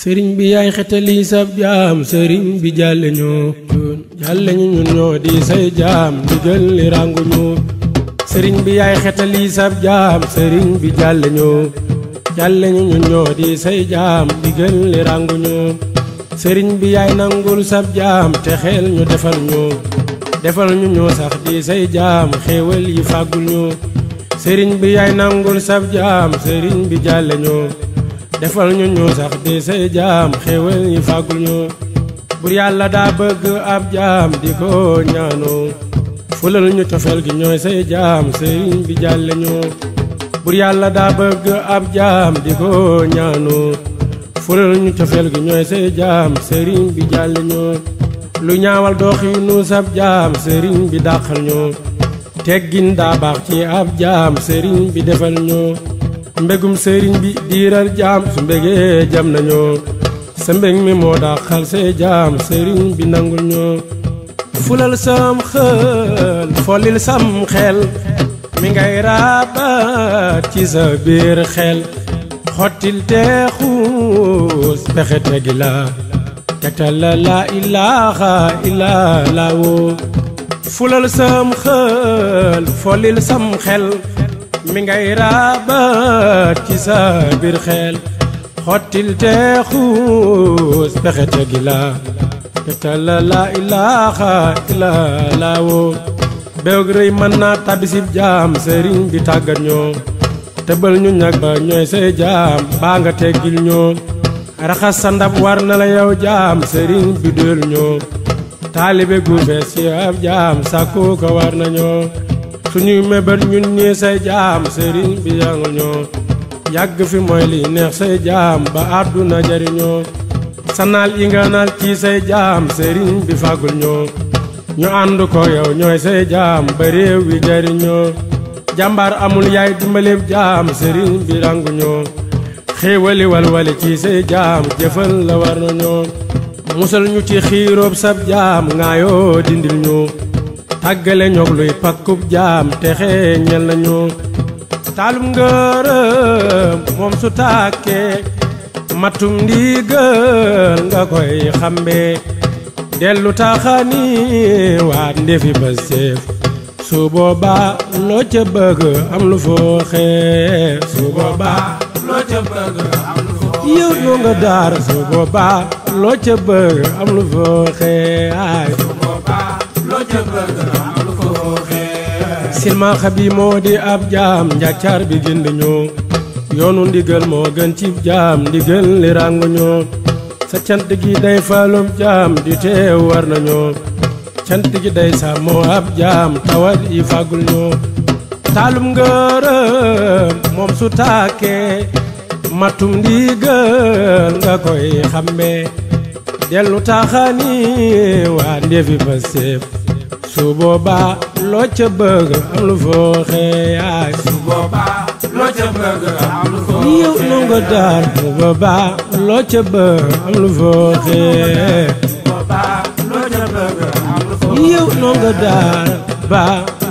sëriñ bi yaay xetali sab jaam sëriñ bi jàlle ñu jàlle ñu ñun ñoo di say jaam ndigal li ràngu ñu sëriñ bi yaay xetali sab jaam sëriñ bi jàlle ñu jàlle ñu ñun ñoo di say jaam ndigal li ràngu ñu sëriñ bi yaay nangul sab jaam te xel ñu defal ñu defal ñu ñu sax di say jaam xéewal yi fàggul ñu sëriñ bi yaay nangul sab jaam sëriñ bi jàlle ñu defal ñu ñu sax say jaam xéewal yi fàggul ñu bur yàlla daa bëgg ab jaam di ko ñaanoo fulal ñu cofeel gi ñooy say jaam sëriñ bi jàlle ñu bur yàlla daa bëgg ab jaam di ko ñaanoo fulal ñu cofeel gi ñooy say jaam sëriñ bi jàlle ñu lu ñaawal doxinu sab jaam sëriñ bi dàqal ñu teggin daa baax ci ab jaam sëriñ bi defal ñu mbegum sëriñ bi diiral jaam su mbégee jam nañoo sa mbég mi moo daa xal jaam sëriñ bi nangul ñoo fulal sam xël folil sam xel mi ngay raabaat ci sa biir xel xottil te pexe tegi la tegtal la laa ilaaha illaa laa fulal sam xël folil sam xel mi ngay raabaat ci sa biir xel xottil te xuus pexe te gi la te tala la ilaha illa la woo beewug rëy mën naa tabisib jaam sëriñ bi tàggat ñoo tëbal ñu ñag ba ñooy say jaam baa nga teggil ñoo raxas sa ndab war na la yow jaam sëriñ bi dul ñoo taalibe gu ci ab jaam sàkku ko war na ñoo suñuy mébét ñun ñii say jaam sëriñ bi yàngal ñoo yàgg fi mooy li neex say jaam ba àdduna jariñoo sanaal yi nga naal ci say jaam sëriñ bi fàggul ñoo ñu ànd ko yow ñooy say jaam ba réew wi jariñoo jàmbaar amul yaay dimbalib jaam sëriñ bi ràngu ñoo xéewali walwali ci say jaam jëfal la war na ñoo musal ñu ci xiiroob sab jaam ngaayoo dindil ñoo àggale ñoog luy pakkub jaam texe ñel nañu taalum ngërëm moom su tàkkee matum ndigal nga koy xambe dellu taxani waat ndefi ba seef su boobaa loo ca bëgg am lu foo su boobaa loo ca bëgg am lu foo silmaxa bi moo di ab jaam njàccaar bi gënd ñoo yoonu ndigal moo gën cib jaam ndigal li ràng ñoo sa cant gi day faalub jaam di teew war nañoo cant gi day sàmmoo ab jaam tawat yi fàggul ñoo taalum ngërëm moom su tàkkee matum ndigal nga koy xàmmee dellu taxani waa ndeefi fa séef su boobaa loo ca bëgg am lu fooxee yaay. su boobaa loo ca bëgg am lu fooxee yow nu nga daar. su boobaa loo ca bëgg am lu fooxee. su boobaa loo ca bëgg am lu fooxee yow nu nga daar ba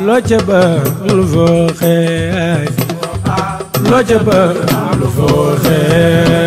loo ca bëgg am lu fooxee yaay. su boobaa loo ca bëgg am lu fooxee.